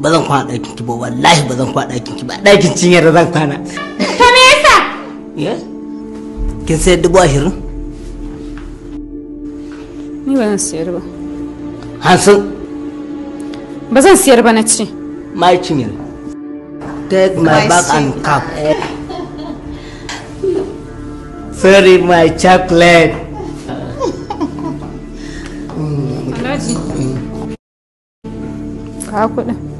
ba zan kwana ɗakin ki ba wallahi ba zan kwana ɗakin ki ba ɗakin cinyar da zan kwana to me yasa kin sayar dubu ashirin ni ba zan sayar ba hansun ba zan sayar ba na ma yi cinyar take my bag and cap sorry my chocolate Alhaji. Ka kuɗin.